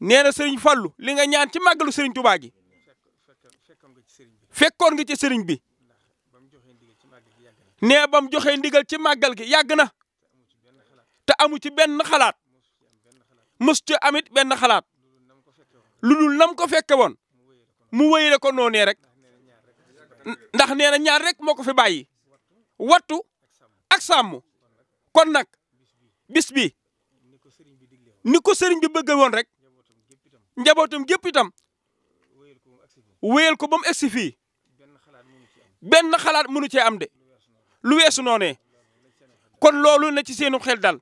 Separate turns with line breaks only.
nee na sëriñ Fallu li nga ñaan ci màggalu sëriñ Tuubaa gi fekkoon nga ci sëriñ bi nee ba mu joxee ndigal ci màggal gi yàgg na te amu ci benn xalaat mës ci amit benn xalaat lu dul nam ko fekke woon mu wéyale ko noonee rek ndax nee na ñaar rek moo ko fi bàyyi wattu ak sàmm kon nag bis bi ni ko sëriñ bi bëgg woon rek njabotum gep itam wéyal ko bam mu fi ben benn xalaat mënu cee am de lu wessu noné kon loolu na ci seenu xel dal